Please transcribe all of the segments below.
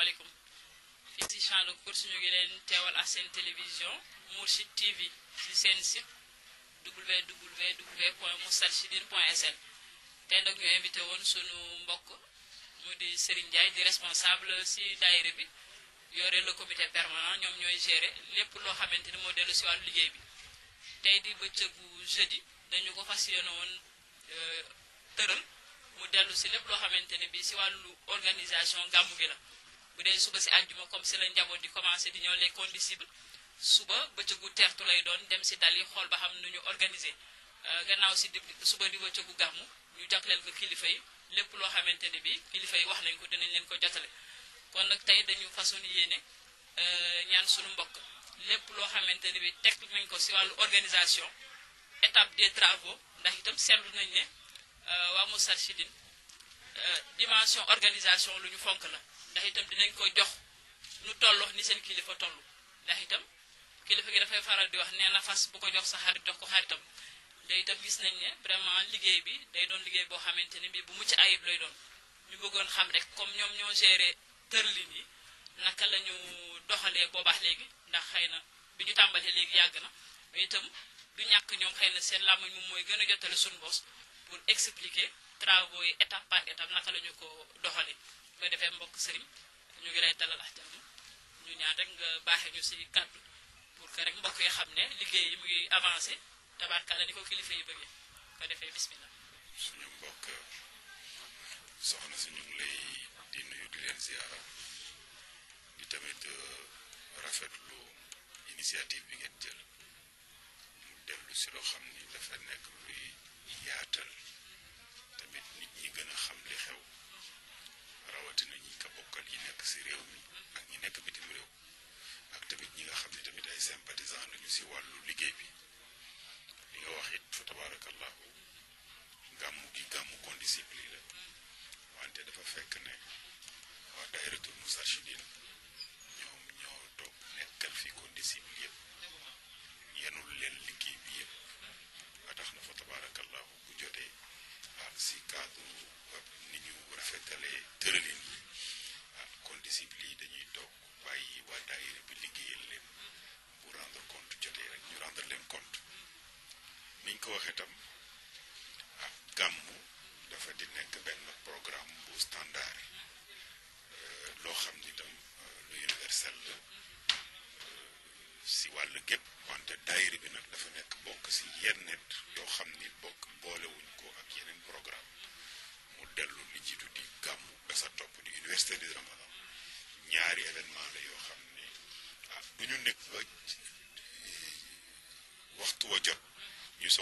asalaamaaleykum fii si champ de course ñu ngi leen teewal à seen télévision Mourchid TV si seen site www point moustarchidine point sn tey nag ñu invité woon sunu mbokk mu di Serigne Ndiaye di responsable si daayira bi yore le comité permanent ñoom ñooy géré lépp loo xamante ni moo dellu si wàllu liggéey bi tey di bëccëgu jeudi dañu ko fas yéene woon euh, tëral mu dellu si lépp loo xamante ne bi si wàllu organisation gàmmu gi la bu dee suba si àjjuma comme si la njaboot di commencé di ñëw les condicibles suba bëccëgu teertu lay doon dem si dal yi xool ba xam nu ñu organiser euh, gannaaw si suba di bëccëgu gàmmu ñu jagleel ko kilifa yi lépp loo xamante ne bi kilifa yi wax nañ ko dinañ leen ko jotale kon nag tey dañu façon yéene euh, ñaan suñu mbokk lépp loo xamante ne bi teg nañ ko si wàllu organisation étape des travaux ndax itam seetlu nañ ne euh, waa Moustarchidine dimension organisation lu ñu fonk la ndax itam dinañ ko jox lu tollu ni seen kilifa tollu ndax itam kilifa gi dafay faral di wax nee na fas bu ko jox sa xarit jox ko xaritam day itam gis nañ ne vraiment liggéey bi day doon liggéey boo xamante ne bi bu mucc ayib lay doon ñu bëggoon xam rek comme ñoom ñoo géré terli ni naka lañu ñu doxalee boobaax léegi ndax xëy na bi ñu tàmbalee léegi yàgg na itam du ñàkk ñoom xëy na seen làmmañ moom mooy gën a jotale suñu bos pour expliquer travaux yi étape par étape naka lañu ko doxalee ko defé mbokk sëriñ ñu ngi lay dalal ak jàmm ñu ñaan rek nga baaxe ñu ci kàddu pour que rek mbokk yi xamné liggéey yi mu ngi avancer tabarkala ni ko kilifa yi bëggé ko defé bismillah suñu mbokk soxna si ñu ngi lay di nuyu di leen ziara di tamit euh, rafetlu initiative bi ngeen jël mu dellu ci lo xamni dafa nekk luy yaatal tamit nit ñi gëna xam li xew rawatina ñi ko bokkal ñi nekk ci réew mi ak ñi nekk bitim réew ak tamit ñi nga xam ne tamit ay sympathisant lañu si wàllu liggéey bi li nga wax it fa tabarakallahu gàmmu gi gàmmu condiscipline la dafa fekk ne waa daayiratul Moustarchidine ñoom ñoo toog nekkal fi condiscipline yëpp yenul leen liggéey bi yëpp ba tax na fa tabarakallahu bu jotee ah si cadre ni ñu rafetale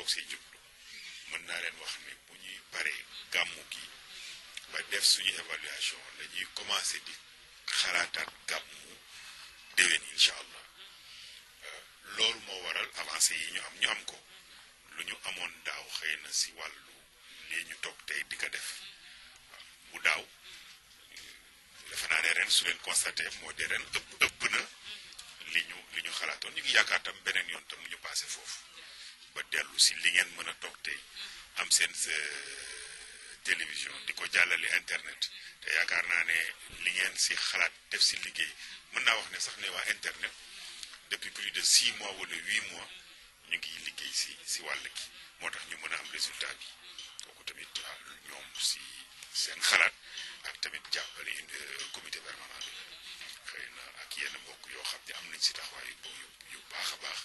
toog see jublu mën naa leen wax ni bu ñuy paree gàmmu gi ba def suñu évaluation la ñuy commencé di xalaataat gàmmu déwén incha allah euh, loolu moo waral avancé yi ñu am ñu am ko lu ñu amoon daaw xëy na si wàllu lii ñu toog tey di ko def bu daaw euh, defe naa ne ren su leen constaté moo de ren ëpp ëpp na li ñu li ñu xalaatoon ñu ngi yaakaar tam beneen yoon tam ñu passé foofu ba dellu si li ngeen mën a toog tey am seen euh, télévision di ko jàllale internet te yaakaar naa ne li ngeen si xalaat def si liggéey mën naa wax ne sax ne waa internet depuis plus de six mois wala huit mois ñu ngi liggéey si si wàll gi moo tax ñu mën a am résultat bi kooku tamit ah, ñoom si seen xalaat ak tamit jàppale euh, comité permanent bi xëy na ak yenn mbokk yoo xam ne am nañ si taxawaay yu yu baax a baax.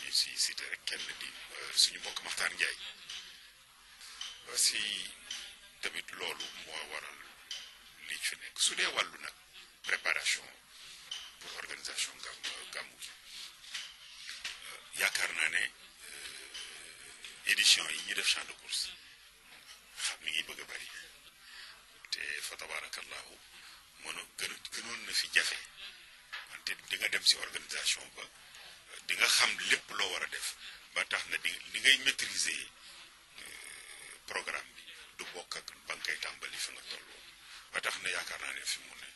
ñu si cité rek kenn di euh, suñu mbokk maxtaan Njaay euh, si tamit loolu moo waral li ci nekk su dee wàllu nag préparation pour organisation gàmm euh, gàmmu gi yaakaar naa ne édition yi ñu def champ de course xam ni ngi bëgg a bari te fa tabarakallahu mën a gën gënoon na fi jafe wante di nga dem si organisation ba di nga xam lépp loo war a def ba tax na di ngay maîtriser euh, programme bi du bokk ak bankay nga tàmbali fi nga tolloo ba tax na yaakaar naa ne fi mu ne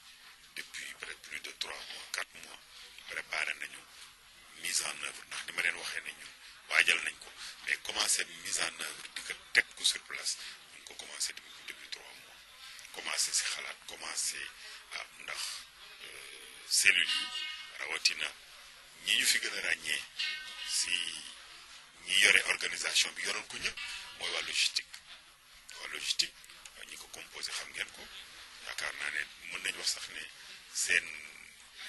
depuis peut être plus de trois mois quatre mois préparé nañu mise en œuvre ndax ni ma leen waxee ne waajal nañ ko mais commencé mise en œuvre di ko teg ko sur place ñu ko commencé depuis depuis trois mois commencé si xalaat commencé ah ndax euh, cellule yi rawatina ñi ñu fi gën a ràññee si ñi yore organisation bi yoroon ko ñëpp mooy waa logistique waa logistique ñi ko composé xam ngeen ko yaakaar naa ne mën nañ wax sax ne seen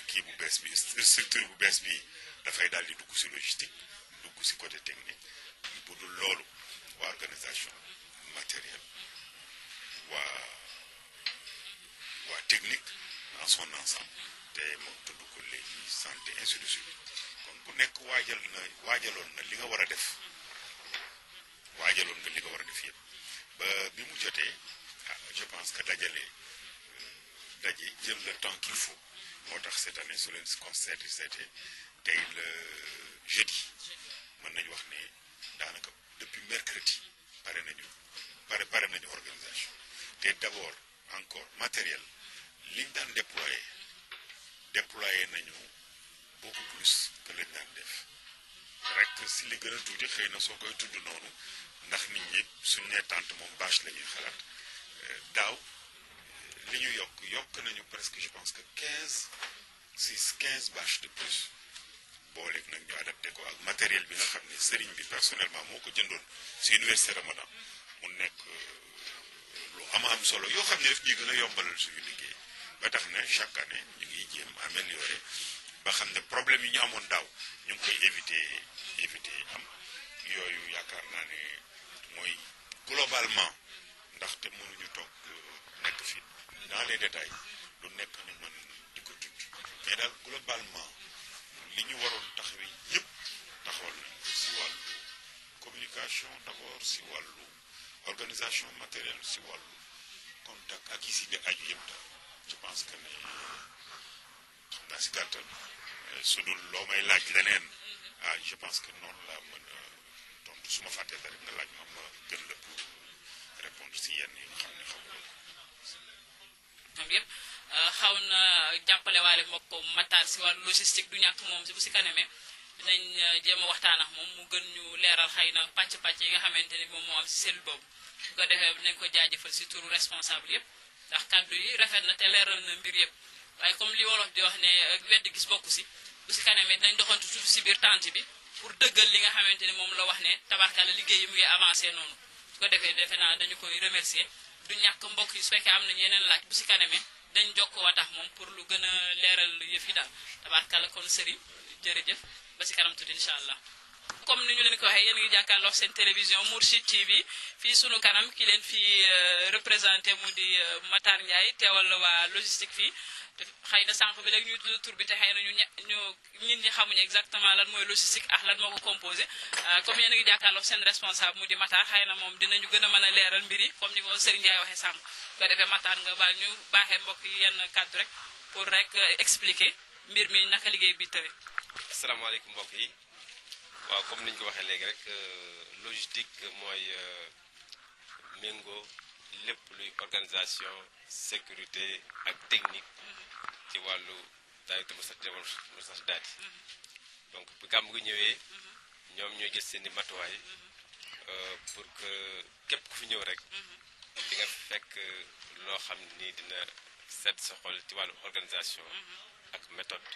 kii bu bees bi structure bu bees bi dafay daal di dugg si logistique dugg si côté technique bu dul loolu waa organisation matériel waa waa technique en son ensemble te mo tudd ko léegi santé ainsi de suite kon ku nekk waajal na wajalon na li nga wara def wajalon nga li nga wara def yëpp ba bi mu jotee ah, je pense que dajalé euh, daje jël le temps qu'il faut motax cette année su leen concert c'était dès le jeudi mën nañ wax né danaka depuis mercredi paré nañu paré paré nañu organisation té d'abord encore matériel liñ dan déployer déployé nañu beaucoup plus que lañ daan def rek si li gën a tuuti xëy na soo koy tudd noonu ndax nit ñi suñ nee tànt moom bâche la xalaat euh, daaw li ñu yokk yokk nañu presque je pense que quinze si quinze bâches de plus booleeg nag ñu adapté ko ak matériel bi nga xam ne sëriñ bi personnellement moo ko jëndoon si université Ramadan mu nekk euh, lu am am solo yoo xam ne daf ñuy gën a yombalal suñu liggéey ba tax na chaque année ñu ngi jéem amélioré ba xam ne problème yi ñu amoon daaw si wàllu logistique du ñàkk moom si bu si kanamee dinañ euh, jéem a waxtaan ak moom mu gën ñu leeral xëy na pàcc-pàcc yi nga xamante ni moom moo am si cellule boobu su ko defee ko jaajëfal si turu responsable yëpp ndax kàddu yi rafet na te leeral na mbir yëpp waaye comme li wolof di wax ne euh, wedd gis bokku si bu si kanamee dinañ doxantu tuuti si biir tente bi pour dëggal li nga xamante ni moom la wax ne tabarkala liggéey yi mu avancé noonu su ko defee defe naa dañu koy remercier du ñàkk mbokk yi su fekkee am nañ yeneen laaj bu si kanamee dañ jokkoo wa tax moom pour lu gën a leeral yëf yi daal tabaarkàlla kon sëriñ jërëjëf ba si kanam tuuti incha allah. comme ni ñu leen ko waxee yéen ngi jàkkaarloo seen télévision Mourchid TV fii sunu kanam ki leen fi euh, représenté mu di euh, Matar Ndiaye teewal waa logistique fii. xëy na sànq bi léegi ñu tudd tur bi te xëy na ñu ñu ñun ñi xamuñu exactement lan mooy logistique ak lan moo ko composé euh, comme yéen a ngi jàkkaarloo seen responsable mu di Mata xëy na moom dinañu gën a mën a leeral mbir yi comme ni ko Serigne Ndiaye waxee sànq ko defee Mata nga baal ñu baaxee mbokk yi yenn kàddu rek pour rek euh, expliquer mbir mi naka liggéey bi tëre. asalaamaaleykum mbokk yi waaw comme niñ ko waxee léegi rek euh, logistique mooy mengo lépp luy organisation sécurité ak technique. Mm-hmm. ci wàllu daayatul mustarshidaati donc bi gàmm gi ñëwé ñom ñoy jël seen i euh pour que képp ku fi ñëw rek di nga fekk loo xam ni dina set sa xol ci wàllu organisation ak méthode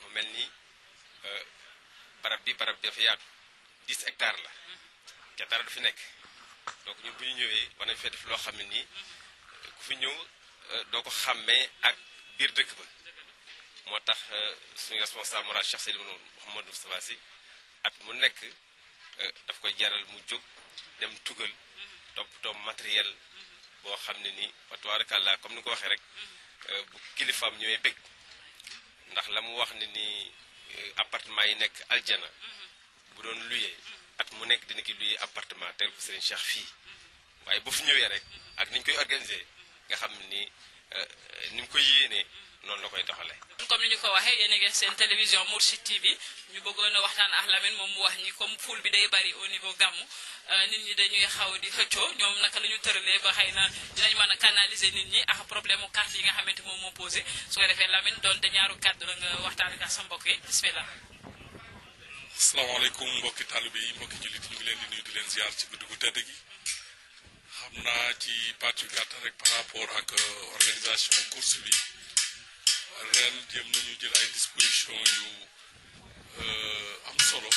mu melni euh barab bi barab bi dafa yaatu 10 hectares la te dara du fi nekk donc ñu bu ñu ñëwee war nañ fee def loo xam ne ku fi ñëw euh, doko xamé ak bir dëkk ba motax tax euh, suñu responsable moral Cheikh Seydou Mouhamadou Moustapha Sy at mu nek euh, daf koy jaral mu jog dem tugal top matériel bo xamné ni nii wa tabaarakallaa comme ni ko waxee rek bu kilifam ñëwé bëgg ndax la wax ni ni appartement yi nek aljana bu doon luyee at mu nek dina ki luyee appartement tel ko Serigne Cheikh fi waye bu fu ñëwé rek ak niñ koy organiser nga xam ni euh, ni mu ko yéenee noonu la koy doxalee. comme ni ñu ko waxee yéen a ngi seen télévision Mourchid TV ñu bëggoon a waxtaan ak Lamine moom mu wax ñi comme foule bi day bari au niveau gàmmu euh, nit ñi dañuy xaw di xëccoo ñoom naka la ñu ba xëy na dinañ mën a canaliser nit ñi ak problème mu yi nga xamante moom moo posé su ko defee Lamine donte ñaaru kàddu la nga waxtaan ak sa mbokk yi xam naa ci pàcc yu gàtt rek par rapport ak euh, organisation course bi ren jëm nañu jël ay disposition yu euh, am solo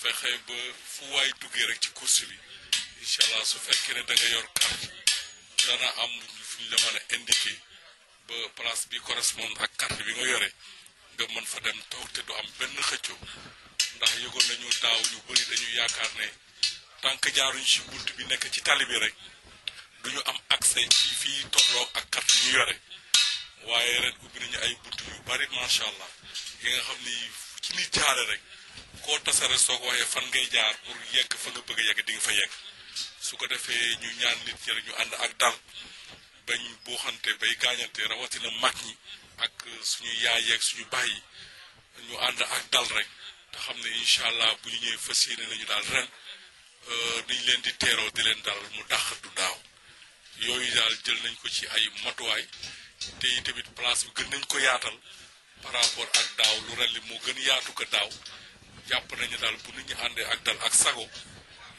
fexe ba fu waay duggee rek ci course bi incha allah su fekkee ne da nga yor carte dana am fu ñu la mën a indiqué ba place bi correspond ak carte bi nga yore nga mën fa dem toog te du am benn xëcco ndax yëgoon nañu taaw ñu bëri dañu yaakaar ne tank jaaruñ ci buntu bi nek ci talibi rek duñu am accès ci fi tolo ak kat ñu yoré waye ren ko biñu ay buntu yu bari sha allah yi nga xamni ci ni jaare rek ko tassare soo ko fan ngay jaar pour yegg fa nga bëgg yegg di nga fa yegg su ko defé ñu ñaan nit ci ñu and ak dal bañ xanté bay rawati rawatina mag ñi ak suñu yaay ak suñu bàyyi ñu and ak dal rek ta xam inshallah bu ñu ñëw fasiyé nañu dal rek niñ euh, leen di teeroo di leen daal mu dàq du daaw yooyu daal jël nañ ko ci ay matuwaay te tamit place bi gën nañ ko yaatal par rapport ak daaw lu ralli moo gën yaatu ko daaw jàpp nañu daal bu nit ñu àndee ak dal ak sago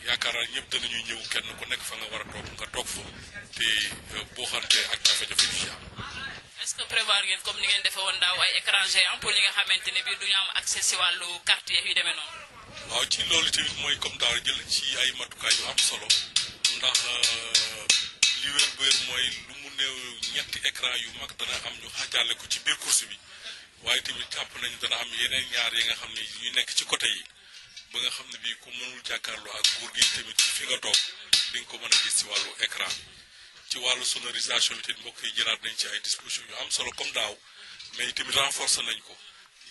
yaakaar naa ñëpp danañu ñëw kenn ku nekk fa nga war a toog nga toog fa te euh, boo xamtee ak jafe-jafe du ci am. est prévoir ngeen comme ni ngeen defee woon daaw ay écran géant pour ñi nga xamante ne bii du ñu am accès si wàllu carte yi waaw ci loolu tamit mooy comme daaw jël ci ay matukaay yu am solo ndax euh, li wér bu wér mooy lu mu néew ñetti écran yu mag dana am ñu xaajale ko ci biir course bi waaye tamit tàpp nañu dana am yeneen ñaar yi nga xam ne yu nekk ci côté yi ba nga xam ne bii ku mënul jàkkaarloo ak góor gi tamit fi nga toog di nga ko mën a gis ci wàllu écran ci wàllu sonorisation bi tamit mbokk yi jëlaat nañ ci ay dispositions yu am solo comme daaw mais tamit renforcer nañ ko.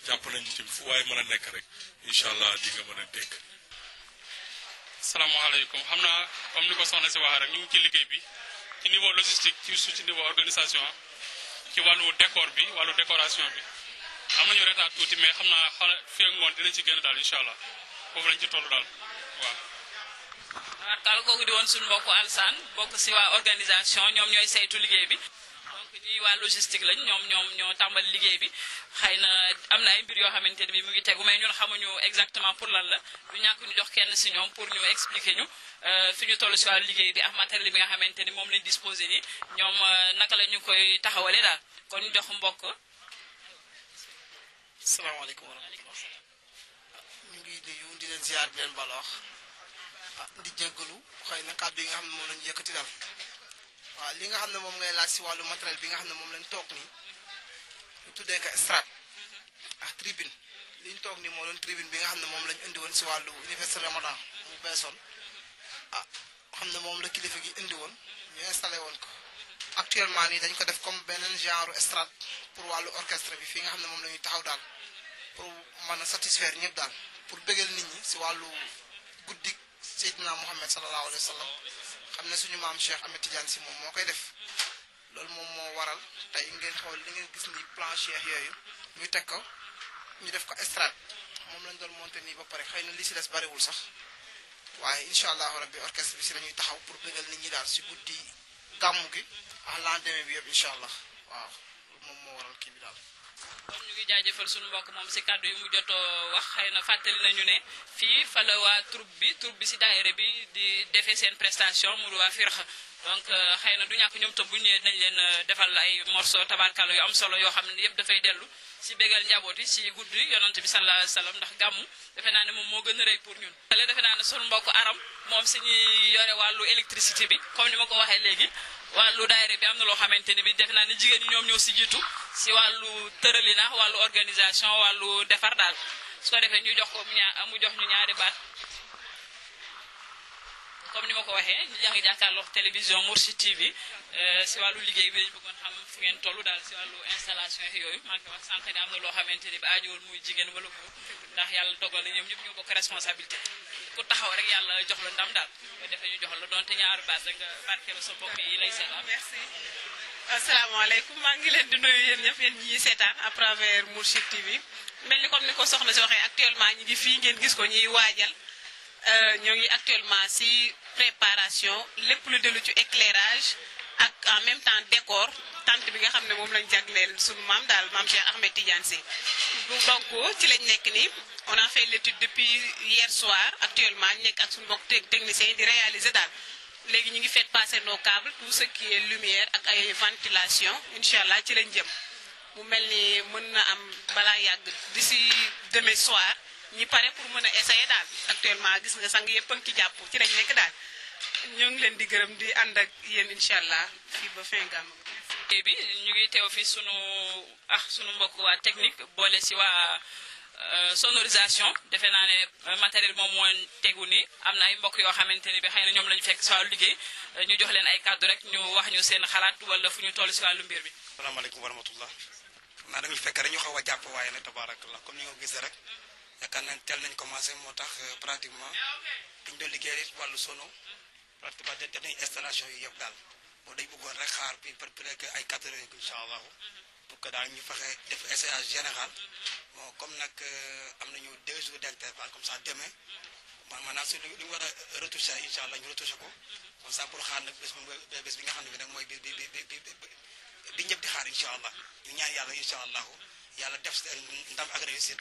jàpp nañ ci fu waaye mën nekk rek incha allah di nga mën a dégg. xam naa comme ni ko soxna si wax rek ñu ngi ci liggéey bi ci niveau logistique ci su ci niveau organisation ci wàllu décor bi wàllu décoration bi am nañu retard tuuti mais xam na xanaa fii ak ngoon dinañ ci génn daal incha foofu lañ ci toll daal waaw. waaw kàlla kooku di woon suñu mbokku Alsaan bokk si waa organisation ñoom ñooy saytu liggéey bi. bi waa logistique lañ ñoom ñoom ñoo tàmbali liggéey bi xay na am na ay mbir yoo xamante ne bi mu ngi tegu mais ñun xamuñu exactement pour lan la du ñàkk ñu jox kenn si ñoom pour ñu expliquer ñu euh, fi ñu toll si wàllu liggéey bi am matériel bi nga xamante ni moom lañ disposé ni ñoom euh, naka la ñu koy taxawale daal kon jox mbokk. salaamaaleykum wa rahmatulah. ñu di leen ziar di leen baloox. ah di jégalu xëy na kàddu yi nga xam ne moom la ñu yëkkati waa li nga xam ne moom ngay laaj si wàllu matériel bi nga xam ne moom lañ toog nii ñu tuddee ko strat ah tribune li ñu toog nii moo doon tribune bi nga xam ne moom lañu indi woon si wàllu université Ramadan mu beesoon ah xam ne moom la kilifa gi indi woon ñu installé woon ko actuellement nii dañ ko def comme beneen genre strat pour wàllu orchestre bi fii nga xam ne moom la ñuy taxaw daal pour mën a satisfaire ñëpp daal pour bëggal nit ñi si wàllu guddik Seydina Mouhamed sallallahu alayhi wa sallam am na suñu maam Cheikh Ahmed Tidiane si moom moo koy def loolu moom moo waral tey ngeen xool li ngeen gis ni plan Cheikh yooyu ñu teg ko ñu def ko estrade moom lañ doon monté nii ba pare xëy na li si des bariwul sax waaye incha allahu rabbi orchestre bi si la ñuy taxaw pour bëggal nit ñi daal si guddi gàmmu gi ah lendemain bi yëpp incha allah waaw. ngi jaajëfal suñu mbokk moom si kàddu yi mu jotoo wax xëy na fàttali nañu ne fii fa waa troupe bi troupe bi si daayira bi di defee seen prestation mu waa Firxa donc euh, xëy na du ñàkk ñoom tam bu ñu nee nañ leen euh, defal ay morceau tabaarkàlla yu am solo yoo xam ne yëpp dafay dellu si bégal njaboot yi si guddi yonent bi sallallahu alayhi wasallam ndax gàmmu defe naa ne moom moo gën a rëy pour ñun le defe naa ne suñu mbokk aram moom si ñuy yore wàllu électricité bi comme ni ma ko waxee léegi wàllu daayira bi am na loo xamante ni bi defe naa ne jigéen ñi ñoom ñoo si jiitu si wàllu tërali na wàllu organisation wàllu defar daal su ko defee jox ko mu jox ñu ñaari baat comme ni ma ko waxee ñu jàng jàkkaarloo télévision Mourchid TV euh, si wàllu liggéey bi dañu bëggoon xam ngeen tollu daal si wàllu installation yooyu maa ngi wax sànq ne am na loo xamante ni bi aajowul muy jigéen wala ndax yàlla dogal na ñoom ñëpp ñoo bokk responsabilité ku taxaw rek yàlla jox la ndam daal defe ñu jox la donte ñaar base rek nga barkeelu sa mbokk yi lay seetaan. merci asalaamaaleykum maa ngi leen di nuyu yéen ñëpp yéen ñii seetaan à travers Mourchid TV mel ni comme ni ko soxna si waxee actuellement ñi ngi fii ngeen gis ko ñuy waajal Euh, ñoo ngi actuellement ci préparation les lu de ci éclairage ak en même temps décor tante bi nga xam mom lañu lañ jagleel mam dal mam Cheikh Ahmed Tidiane donc ci lañ nek ni on a fait l'étude depuis hier soir actuellement ñu nekk ak suñu mbokk technicien di réaliser dal légui ñu ngi fait passer nos câbles tout ce qui est lumière ak ay ventilation incha ci lañ jëm mu melni mën na am bala yag d'ici demain soir ñi pare pour mën a essayer daal actuellement gis nga sang yëpp a ngi ci jàpp ci lañ nekk daal ñoo ngi leen di gërëm di ànd ak yéen incha allah fii ba fin gàmm bi ñu ngi teew fi sunu ah sunu mbokk waa technique boole si waa euh, sonorisation defe naa ne euh, matériel moom moo tegu nii am na ay mbokk yoo xamante ni bi xëy na ñoom la ñu fekk si wàllu liggéey euh, ñu jox leen ay kàddu rek ñu wax ñu seen xalaat wala fu ñu toll si wàllu mbir bi. salaamaaleykum wa rahmatullah naa da nga fekk rek ñu xaw a jàpp waaye nag tabaarakallah comme ni nga gisee rek. yaakaar naa teel nañ commencé moo tax euh, pratiquement dañ doo liggéey wàllu sono pratiquement def nañ installation yi yëpp daal moo dañ bëggoon rek xaar bi par que ay quatre heures incha allahu pour que daal ñu fexe def essayage général bon comme nag euh, am nañu deux jours d'intervalle comme ça demain man maanaam si li ñu war a retouché incha allah ñu retouché ko comme ça pour xaar nag bés bi nga xam ne bi nag mooy bi bi bi bi ñëpp di xaar incha allah ñu ñaan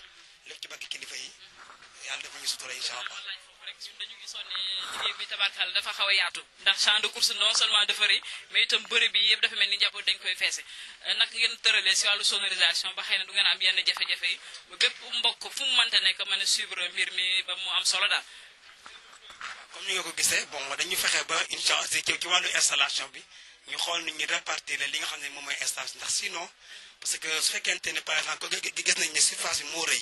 lépp ci barke kilifa yi yàlla def ñu sutura incha allah. bi dafa xaw a yaatu ndax champ de course non seulement dafa rëy mais itam bërëb bi yëpp dafa mel ni njaboot dañ koy feese euh, naka ngeen tëralee si wàllu sonorisation ba xëy na du ngeen am yenn jafe-jafe yi mu mënta nekk mën a suivre mbir mi ba mu am solo daal comme ni nga ko gisee bon dañu fexe ba incha wàllu installation bi ñu xool ni ñu répartir li nga xam ne moom mooy installation ndax si no parce que su fekkente ne par exemple gis nañ ne surface bi moo rëy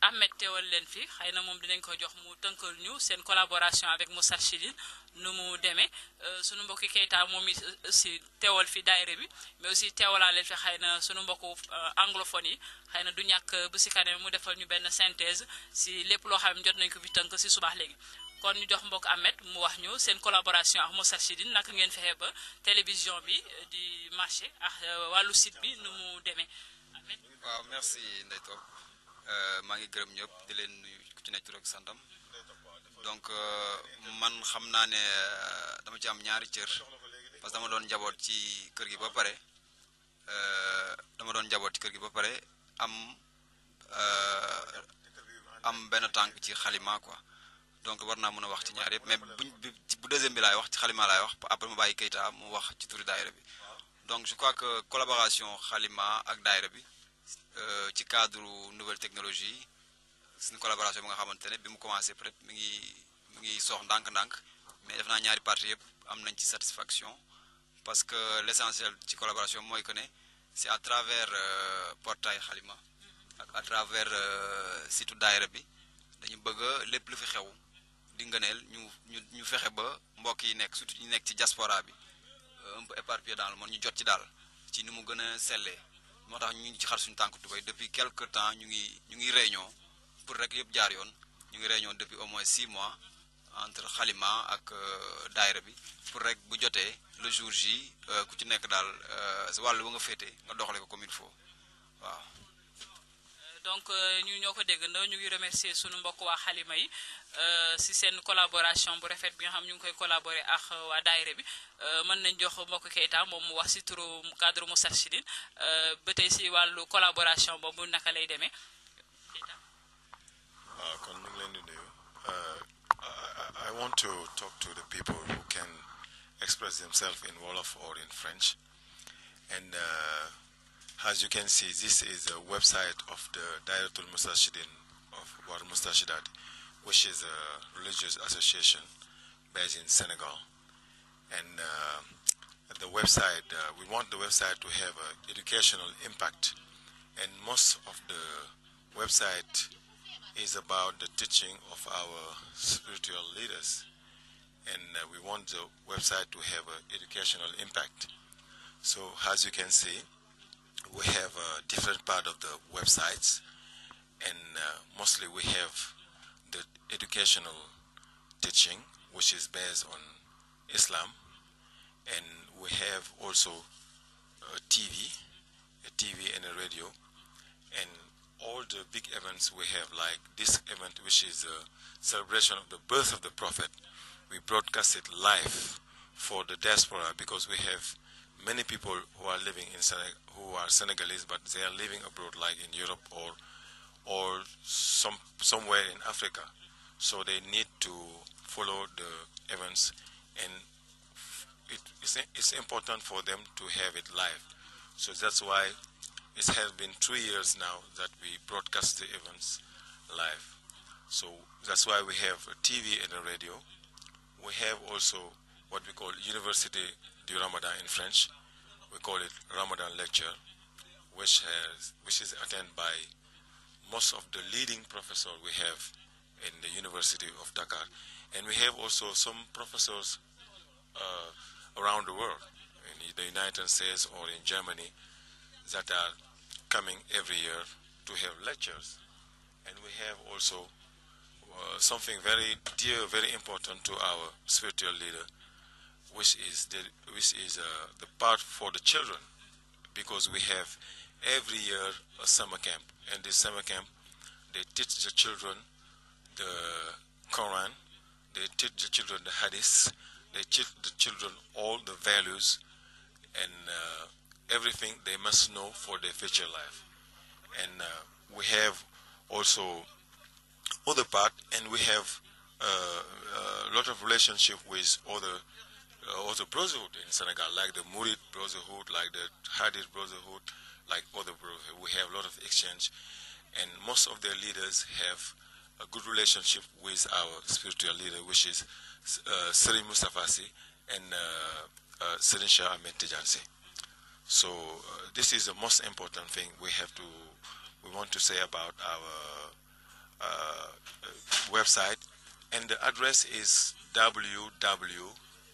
Ahmed teewal len fi xëy mom dinañ ko jox mu tënkal ñu sen collaboration avec Moussa Chidine nu mu démé euh, suñu mbokk Keita moom it aussi teewal fi daire bi mais aussi teewalaa len fi xëy suñu mbokk euh, anglophone yi xëy na du ñàkk bu si kanam mu defal ñu ben synthèse ci lepp lo xam ne jot nañ ko fi teunk ci subax légui kon ñu jox mbokk Ahmed mu wax ñu sen collaboration ak Moussa Chidine nak ngeen fexe ba télévision bi di marché ak euh, wàllu site bi nu mu démé waaw merci Ndeye Top Eh, ma ngi gërëm ñëpp di leen nuyu ku ci nekk tur ak santam donc eh, man xam naa ne eh, dama ci am ñaari cër parce dama doon njaboot ci kër gi ba pare dama doon njaboot ci kër gi ba pare am am benn tànk ci xalima quoi donc war naa mën a wax ci ñaar yëpp mais buñ bu deuxième bi laay wax ci xalima laay wax après ma bàyyi Keita mu wax ci turi daayira bi donc je crois que collaboration xalima ak daayira bi Euh, ci cadre nouvelle technologie une collaboration nga xamantene bi mu commencé peut être mi ngi mi ngi mais def naa ñaari parties yëpp am nañ ci satisfaction parce que l'essentiel ci collaboration moy que c'est à travers euh, portail Khalima, ak à travers euh, site daayira bi dañu bëgg lépp lu fi xew di ngëneel ñu ñu ñu fexé ba mbokk yi nekk surtout ñu nekk ci diaspora bi un peu éparpillé dans le monde ñu jot ci dal ci ni mu gëna a moo tax ñu ngi ci xar suñu tànk tubéy depuis quelque temps ñu ngi ñu ngi réunion pour rek yëpp jaar yoon ñu ngi réunion depuis au moins 6 mois entre xalima ak euh, daayira bi pour rek bu jotee le jour J euh, ku ci nekk daal euh, wàll wa nga féete nga doxale ko comme il faut waaw donc euh, ñu ñoko dégg ndaw ñu ngi remercier suñu mbokk wa Halima yi euh, si sen collaboration bu rafet bi nga xam ñu ngi koy collaborer ak euh, wa daayira bi mën nañ jox mbokk Keita moom mu wax ci turu cadre Moustarchidine euh tey ci walu collaboration boobu naka lay demee. ah kon ñu ngi leen di nuyu. I want to talk to the people who can express themselves in Wolof or in French and. As you can see, this is a website of the Dairatul Mustashidin of War Mustashidat, which is a religious association based in Senegal. And uh, the website, uh, we want the website to have an educational impact. And most of the website is about the teaching of our spiritual leaders. And uh, we want the website to have an educational impact. So as you can see, we have a uh, different part of the websites, and uh, mostly we have the educational teaching, which is based on Islam, and we have also a TV, a TV and a radio, and all the big events we have, like this event, which is a celebration of the birth of the Prophet, we broadcast it live for the diaspora because we have many people who are living in Seneg- who are Senegalese, but they are living abroad, like in Europe or or some somewhere in Africa. So they need to follow the events, and it, it's, it's important for them to have it live. So that's why it has been three years now that we broadcast the events live. So that's why we have a TV and a radio. We have also what we call university du Ramadan in French. We call it Ramadan lecture, which, has, which is attended by most of the leading professors we have in the University of Dakar. And we have also some professors uh, around the world, in the United States or in Germany, that are coming every year to have lectures. And we have also uh, something very dear, very important to our spiritual leader, which is the which is uh, the part for the children, because we have every year a summer camp, and this summer camp they teach the children the Quran, they teach the children the Hadith, they teach the children all the values and uh, everything they must know for their future life. And uh, we have also other part, and we have a uh, uh, lot of relationship with other uh, also brotherhood in Senegal, like the Murid brotherhood, like the Hadith brotherhood, like other brotherhood. We have a lot of exchange, and most of their leaders have a good relationship with our spiritual leader, which is uh, Serin Mustafasi and uh, uh, Ahmed So uh, this is the most important thing we have to, we want to say about our uh, uh website. And the address is www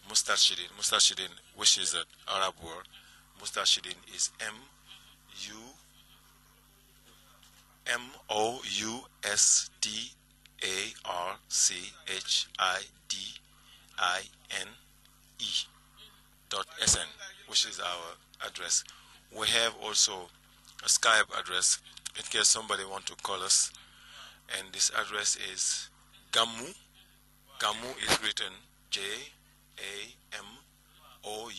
Mustashidin. Mustashidin, which is an Arab word. Mustashidin is M U M O U S T A R C H I D I N E dot S N, which is our address. We have also a Skype address in case somebody want to call us. And this address is Gamu. Gamu is written J a M O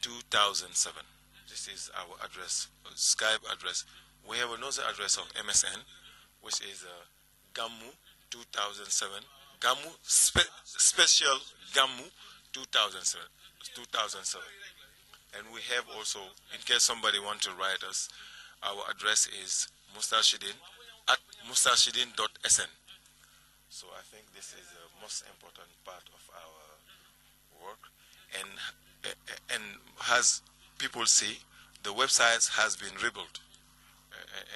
2007. This is our address, Skype address. We have another address of MSN, which is uh, GAMU 2007. GAMU, spe special GAMU 2007, 2007. And we have also, in case somebody wants to write us, our address is mustashidin at mustashidin.sn. So I think this is the most important part of our work and, and as people say, the website has been rebuilt.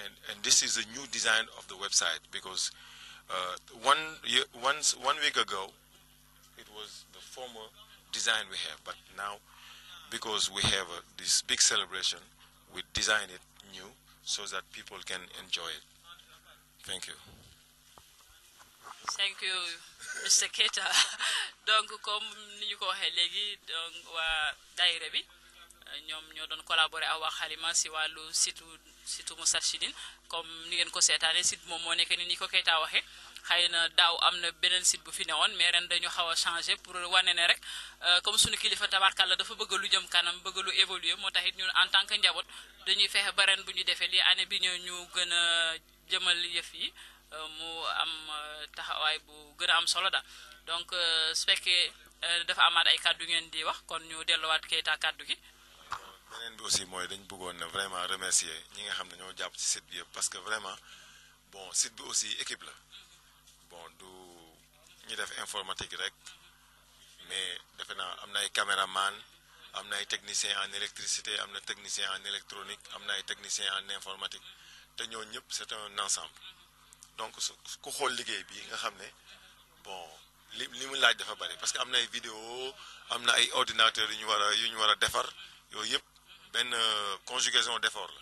And, and this is a new design of the website because uh, one, year, once, one week ago, it was the former design we have, but now because we have uh, this big celebration, we design it new so that people can enjoy it. Thank you. thank you Mr Keita donc comme ni ñu ko waxee léegi donc waa daayira bi ñoom ñoo doon collaborer ak wax Halima si wàllu situ situ Moustarchidine comme ni ngeen ko seetaanee site moom moo nekkee ni nii ko Keita waxee xëy na daaw am na beneen site bu fi ne woon mais ren dañu xaw a changé pour wane ne rek euh, comme suñu kilifa tabarkàlla dafa bëgg lu jëm kanam bëgg lu évoluer moo taxit it en tant que njaboot dañuy fexe ba ren bu ñu defee lii année bi ñëw ñu gën a jëmal yëf yi. Euh, mu am euh, taxawaay bu gën a am solo daal donc euh, su fekkee dafa amaat ay kàddu ngeen di wax kon ñu delluwaat taa kàddu gi. beneen bi aussi mooy dañ bëggoon na vraiment remercier ñi nga xam ne ñoo jàpp ci site bi yëpp parce que vraiment bon site bi aussi équipe la bon du ñu def informatique rek mais defe naa am na ay caméraman am na ay technicien en électricité am na technicien en électronique am na ay technicien en informatique te ñoo ñëpp c'est un ensemble donc ku xool liggéey bi nga xam ne bon li li mu laaj dafa bari parce que am na ay vidéo am na ay ordinateur yu ñu war a yu ñu war a defar yooyu yëpp benn euh, conjugaison d'effort la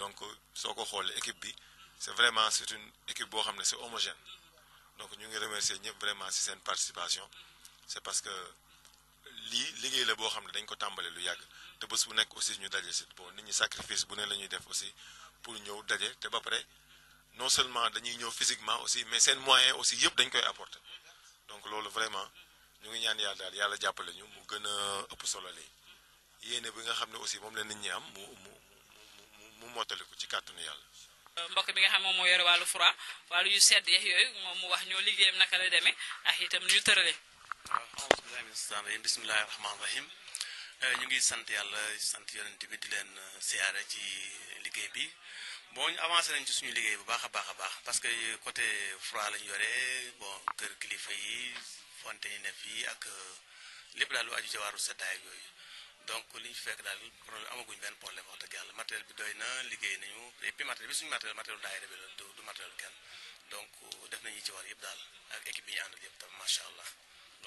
donc soo ko xoolee équipe bi c'est vraiment c'est une équipe boo xam ne c'est homogène donc ñu ngi remercier ñëpp vraiment ci seen participation c'est parce que lii liggéey la boo xam ne dañ ko tàmbale lu yàgg te bés bu nekk aussi ñu daje ci bon nit ñi sacrifice bu ne la ñuy def aussi pour ñëw daje te ba pare non seulement dañuy ñëw physiquement aussi mais seen moyen aussi yëpp dañ koy apporter donc loolu vraiment ñu ngi ñaan yàlla daal yàlla jàppale ñu mu gën a ëpp solo lii yéene bi nga xam ne aussi moom la nit ñi am mu mu mu mu mottaliku ci kàttanu yàlla. mbokk bi nga xam moom moo yore wàllu froid wàllu yu sedd yeex yooyu moom mu wax ñoo liggéeyam naka la demee ak itam ñu tërale. waaw bismillahi rahmaani rahim euh, ñu ngi sant yàlla sant yonent bi di leen euh, siyaare ci liggéey bi. bon ñu avancé nañ ci suñu liggéey bu baax a baax a baax parce que côté froid lañu yore bon kër kilifa yi fontaine ne fii ak euh, lépp daal lu aju ci waaru seddaay ak yooyu donc li ñu fi fekk daal problème amaguñ benn problème wax dëgg yàlla matériel bi doy na liggéey nañu et puis matériel bi suñu matériel matériel daayira bi la du matériel kenn donc def nañu ci war yëpp daal ak équipe bi ñu yëpp tam macha allah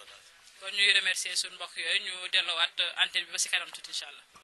daal. kon ñuy remercier suñu mbokk yooyu ñu delluwaat euh, antenne bi ba si kanam tuuti incha allah.